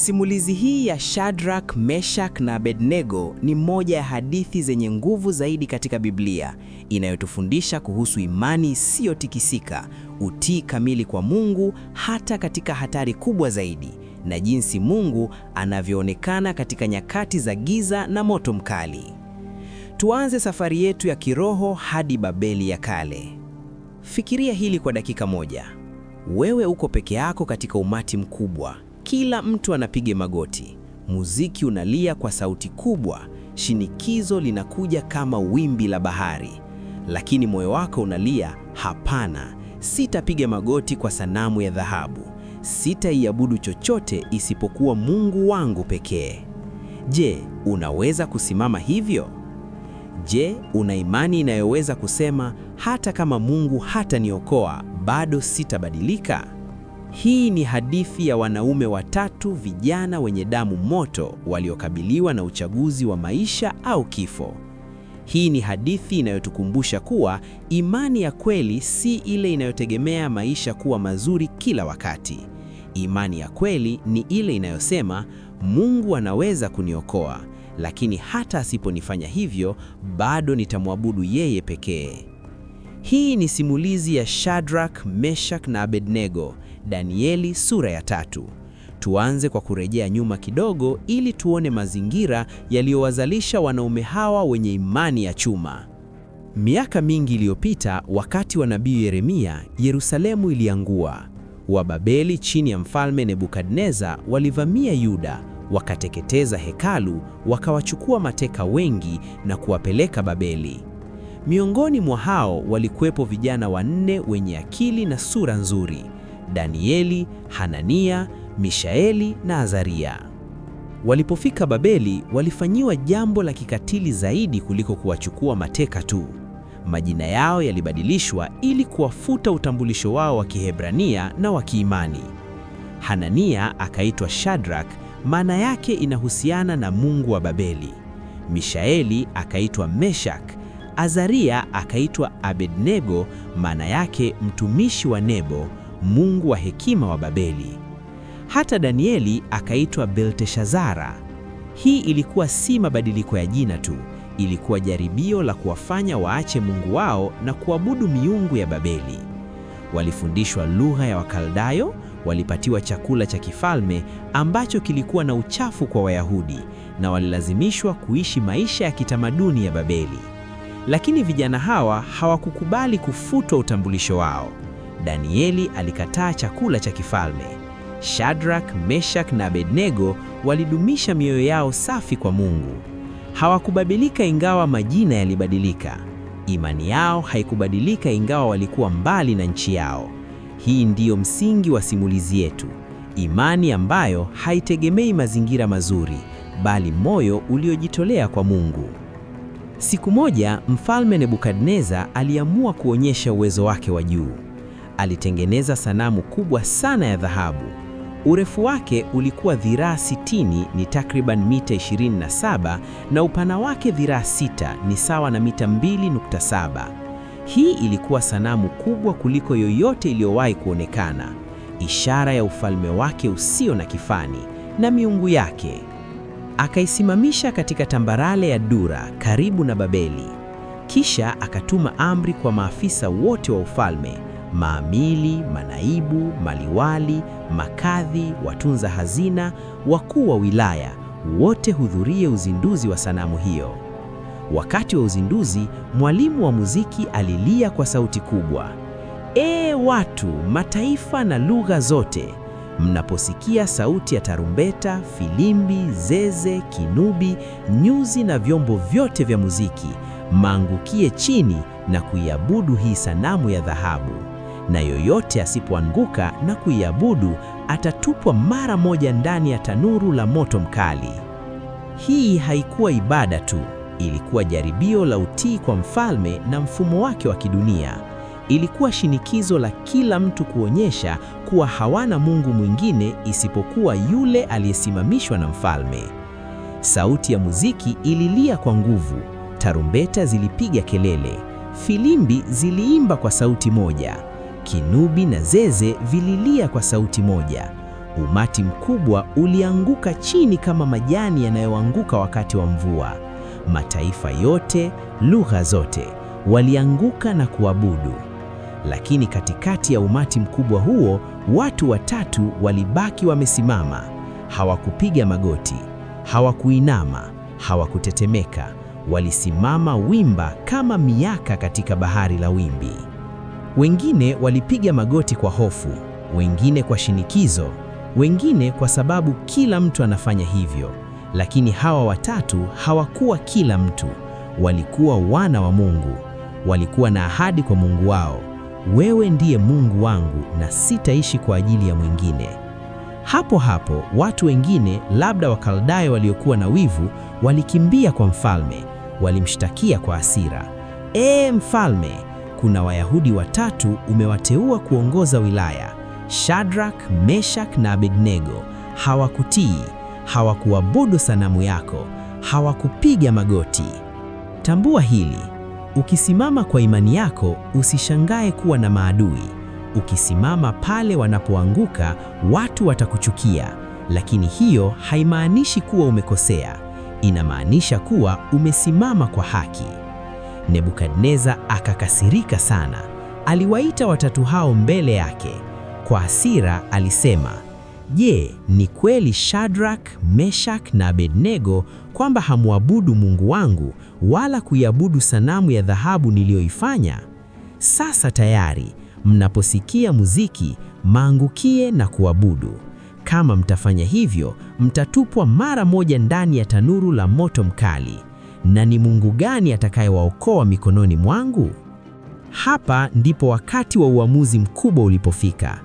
Simulizi hii ya Shadrach, Meshach na Abednego ni moja ya hadithi zenye nguvu zaidi katika Biblia, inayotufundisha kuhusu imani isiyotikisika, utii kamili kwa Mungu hata katika hatari kubwa zaidi, na jinsi Mungu anavyoonekana katika nyakati za giza na moto mkali. Tuanze safari yetu ya kiroho hadi Babeli ya kale. Fikiria hili kwa dakika moja. Wewe uko peke yako katika umati mkubwa. Kila mtu anapiga magoti, muziki unalia kwa sauti kubwa, shinikizo linakuja kama wimbi la bahari, lakini moyo wako unalia, hapana, sitapiga magoti kwa sanamu ya dhahabu, sitaiabudu chochote isipokuwa Mungu wangu pekee. Je, unaweza kusimama hivyo? Je, una imani inayoweza kusema hata kama Mungu hataniokoa, bado sitabadilika? Hii ni hadithi ya wanaume watatu vijana wenye damu moto waliokabiliwa na uchaguzi wa maisha au kifo. Hii ni hadithi inayotukumbusha kuwa imani ya kweli si ile inayotegemea maisha kuwa mazuri kila wakati. Imani ya kweli ni ile inayosema Mungu anaweza kuniokoa, lakini hata asiponifanya hivyo, bado nitamwabudu yeye pekee. Hii ni simulizi ya Shadrach, Meshach na Abednego, Danieli sura ya tatu. Tuanze kwa kurejea nyuma kidogo ili tuone mazingira yaliyowazalisha wanaume hawa wenye imani ya chuma. Miaka mingi iliyopita, wakati wa nabii Yeremia, Yerusalemu iliangua. Wababeli chini ya mfalme Nebukadneza walivamia Yuda, wakateketeza hekalu, wakawachukua mateka wengi na kuwapeleka Babeli. Miongoni mwa hao walikuwepo vijana wanne wenye akili na sura nzuri: Danieli, Hanania, Mishaeli na Azaria. Walipofika Babeli, walifanyiwa jambo la kikatili zaidi kuliko kuwachukua mateka tu. Majina yao yalibadilishwa ili kuwafuta utambulisho wao wa Kihebrania na wa kiimani. Hanania akaitwa Shadrach, maana yake inahusiana na Mungu wa Babeli. Mishaeli akaitwa Meshak, Azaria akaitwa Abednego, maana yake mtumishi wa Nebo, mungu wa hekima wa Babeli. Hata Danieli akaitwa Belteshazara. Hii ilikuwa si mabadiliko ya jina tu, ilikuwa jaribio la kuwafanya waache mungu wao na kuabudu miungu ya Babeli. Walifundishwa lugha ya Wakaldayo, walipatiwa chakula cha kifalme ambacho kilikuwa na uchafu kwa Wayahudi na walilazimishwa kuishi maisha ya kitamaduni ya Babeli. Lakini vijana hawa hawakukubali kufutwa utambulisho wao. Danieli alikataa chakula cha kifalme. shadrak meshak na Abednego walidumisha mioyo yao safi kwa Mungu. Hawakubadilika ingawa majina yalibadilika. Imani yao haikubadilika ingawa walikuwa mbali na nchi yao. Hii ndiyo msingi wa simulizi yetu. Imani ambayo haitegemei mazingira mazuri, bali moyo uliojitolea kwa Mungu. Siku moja mfalme Nebukadneza aliamua kuonyesha uwezo wake wa juu. Alitengeneza sanamu kubwa sana ya dhahabu. Urefu wake ulikuwa dhiraa 60 ni takriban mita 27 na upana wake dhiraa 6 ni sawa na mita 2.7. Hii ilikuwa sanamu kubwa kuliko yoyote iliyowahi kuonekana, ishara ya ufalme wake usio na kifani na miungu yake akaisimamisha katika tambarale ya Dura karibu na Babeli. Kisha akatuma amri kwa maafisa wote wa ufalme, maamili, manaibu, maliwali, makadhi, watunza hazina, wakuu wa wilaya, wote hudhurie uzinduzi wa sanamu hiyo. Wakati wa uzinduzi, mwalimu wa muziki alilia kwa sauti kubwa, Ee watu, mataifa na lugha zote, mnaposikia sauti ya tarumbeta, filimbi, zeze, kinubi, nyuzi na vyombo vyote vya muziki, maangukie chini na kuiabudu hii sanamu ya dhahabu, na yoyote asipoanguka na kuiabudu atatupwa mara moja ndani ya tanuru la moto mkali. Hii haikuwa ibada tu, ilikuwa jaribio la utii kwa mfalme na mfumo wake wa kidunia. Ilikuwa shinikizo la kila mtu kuonyesha kuwa hawana Mungu mwingine isipokuwa yule aliyesimamishwa na mfalme. Sauti ya muziki ililia kwa nguvu, tarumbeta zilipiga kelele, filimbi ziliimba kwa sauti moja, kinubi na zeze vililia kwa sauti moja. Umati mkubwa ulianguka chini kama majani yanayoanguka wakati wa mvua. Mataifa yote, lugha zote, walianguka na kuabudu. Lakini katikati ya umati mkubwa huo, watu watatu walibaki wamesimama. Hawakupiga magoti, hawakuinama, hawakutetemeka. Walisimama wimba kama miaka katika bahari la wimbi. Wengine walipiga magoti kwa hofu, wengine kwa shinikizo, wengine kwa sababu kila mtu anafanya hivyo. Lakini hawa watatu hawakuwa kila mtu. Walikuwa wana wa Mungu. Walikuwa na ahadi kwa Mungu wao wewe ndiye Mungu wangu na sitaishi kwa ajili ya mwingine. Hapo hapo watu wengine, labda Wakaldayo waliokuwa na wivu, walikimbia kwa mfalme, walimshtakia kwa hasira, ee mfalme, kuna Wayahudi watatu umewateua kuongoza wilaya, Shadrach, Meshach na Abednego. Hawakutii, hawakuabudu sanamu yako, hawakupiga magoti. Tambua hili. Ukisimama kwa imani yako, usishangae kuwa na maadui. Ukisimama pale wanapoanguka, watu watakuchukia, lakini hiyo haimaanishi kuwa umekosea. Inamaanisha kuwa umesimama kwa haki. Nebukadneza akakasirika sana. Aliwaita watatu hao mbele yake. Kwa hasira alisema, Je, ni kweli Shadrach, Meshach na Abednego kwamba hamwabudu Mungu wangu wala kuiabudu sanamu ya dhahabu niliyoifanya? Sasa tayari mnaposikia muziki, maangukie na kuabudu. Kama mtafanya hivyo, mtatupwa mara moja ndani ya tanuru la moto mkali. Na ni Mungu gani atakayewaokoa mikononi mwangu? Hapa ndipo wakati wa uamuzi mkubwa ulipofika.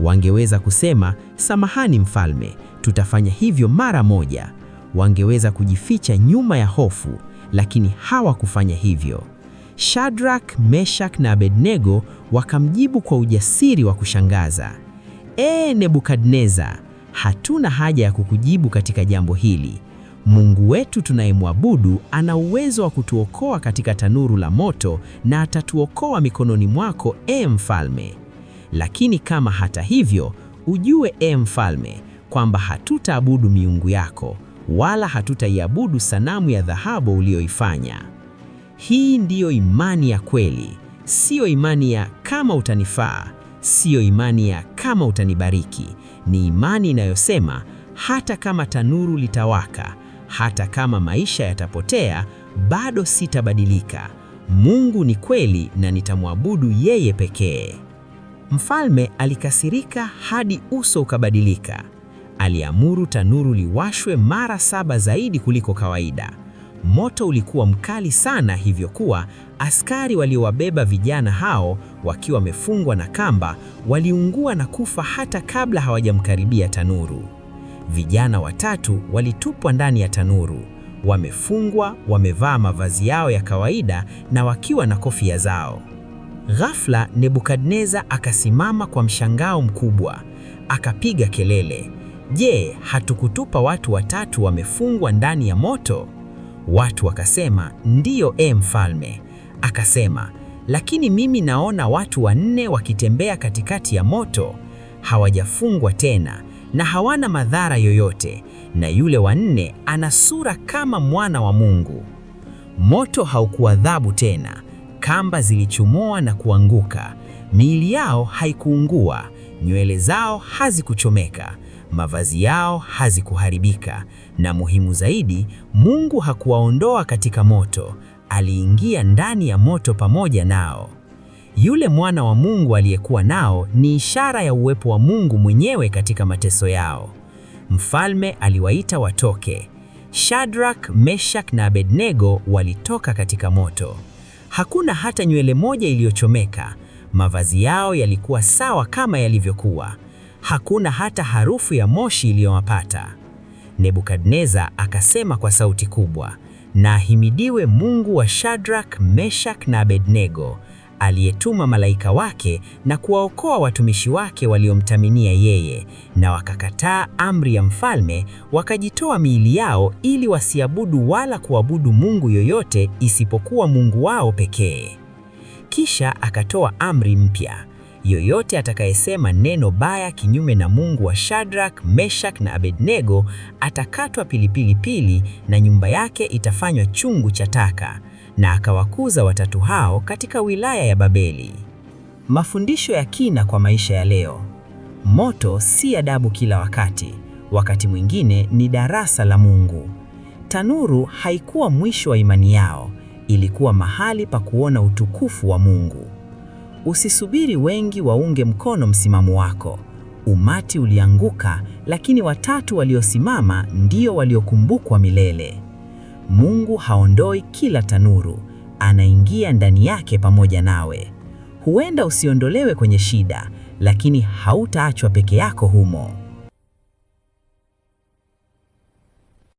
Wangeweza kusema samahani mfalme, tutafanya hivyo mara moja. Wangeweza kujificha nyuma ya hofu, lakini hawakufanya hivyo. shadrak meshak na Abednego wakamjibu kwa ujasiri wa kushangaza. Ee Nebukadneza, hatuna haja ya kukujibu katika jambo hili. Mungu wetu tunayemwabudu ana uwezo wa kutuokoa katika tanuru la moto na atatuokoa mikononi mwako, ee mfalme. Lakini kama hata hivyo Ujue e mfalme, kwamba hatutaabudu miungu yako wala hatutaiabudu sanamu ya dhahabu uliyoifanya. Hii ndiyo imani ya kweli, siyo imani ya kama utanifaa, siyo imani ya kama utanibariki. Ni imani inayosema hata kama tanuru litawaka, hata kama maisha yatapotea, bado sitabadilika. Mungu ni kweli na nitamwabudu yeye pekee. Mfalme alikasirika hadi uso ukabadilika. Aliamuru tanuru liwashwe mara saba zaidi kuliko kawaida. Moto ulikuwa mkali sana hivyo kuwa askari waliowabeba vijana hao wakiwa wamefungwa na kamba waliungua na kufa hata kabla hawajamkaribia tanuru. Vijana watatu walitupwa ndani ya tanuru, wamefungwa, wamevaa mavazi yao ya kawaida na wakiwa na kofia zao. Ghafla Nebukadneza akasimama kwa mshangao mkubwa, akapiga kelele, je, hatukutupa watu watatu wamefungwa ndani ya moto? Watu wakasema ndiyo, e mfalme. Akasema, lakini mimi naona watu wanne wakitembea katikati ya moto, hawajafungwa tena na hawana madhara yoyote, na yule wanne ana sura kama mwana wa Mungu. Moto haukuadhabu tena Kamba zilichomoa na kuanguka, miili yao haikuungua, nywele zao hazikuchomeka, mavazi yao hazikuharibika, na muhimu zaidi, Mungu hakuwaondoa katika moto, aliingia ndani ya moto pamoja nao. Yule mwana wa Mungu aliyekuwa nao ni ishara ya uwepo wa Mungu mwenyewe katika mateso yao. Mfalme aliwaita watoke. Shadrach, Meshach na Abednego walitoka katika moto. Hakuna hata nywele moja iliyochomeka. Mavazi yao yalikuwa sawa kama yalivyokuwa. Hakuna hata harufu ya moshi iliyowapata. Nebukadneza akasema kwa sauti kubwa, na ahimidiwe Mungu wa Shadrach, Meshach na Abednego aliyetuma malaika wake na kuwaokoa watumishi wake waliomtaminia yeye, na wakakataa amri ya mfalme, wakajitoa miili yao ili wasiabudu wala kuabudu mungu yoyote isipokuwa Mungu wao pekee. Kisha akatoa amri mpya: yoyote atakayesema neno baya kinyume na Mungu wa Shadrach, Meshach na Abednego atakatwa pilipili pili na nyumba yake itafanywa chungu cha taka na akawakuza watatu hao katika wilaya ya Babeli. Mafundisho ya kina kwa maisha ya leo. Moto si adabu kila wakati, wakati mwingine ni darasa la Mungu. Tanuru haikuwa mwisho wa imani yao, ilikuwa mahali pa kuona utukufu wa Mungu. Usisubiri wengi waunge mkono msimamo wako. Umati ulianguka, lakini watatu waliosimama ndio waliokumbukwa milele. Mungu haondoi kila tanuru, anaingia ndani yake pamoja nawe. Huenda usiondolewe kwenye shida, lakini hautaachwa peke yako humo.